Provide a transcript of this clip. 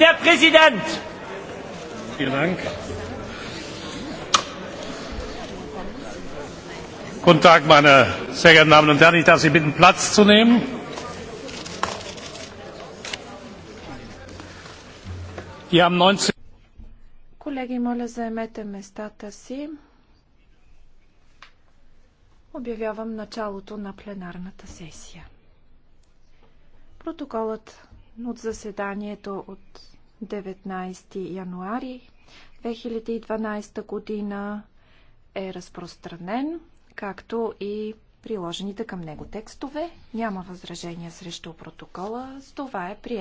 der Präsident. Vielen Dank. Guten Tag, meine sehr geehrten Damen und Herren. Ich darf Sie bitten, Platz zu nehmen. Wir haben 19. Колеги, моля заемете местата си. Обявявам началото на пленарната сесия. Протоколът от заседанието от 19 януари 2012 година е разпространен, както и приложените към него текстове. Няма възражения срещу протокола. С това е прият.